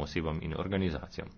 osebam in organizacijam.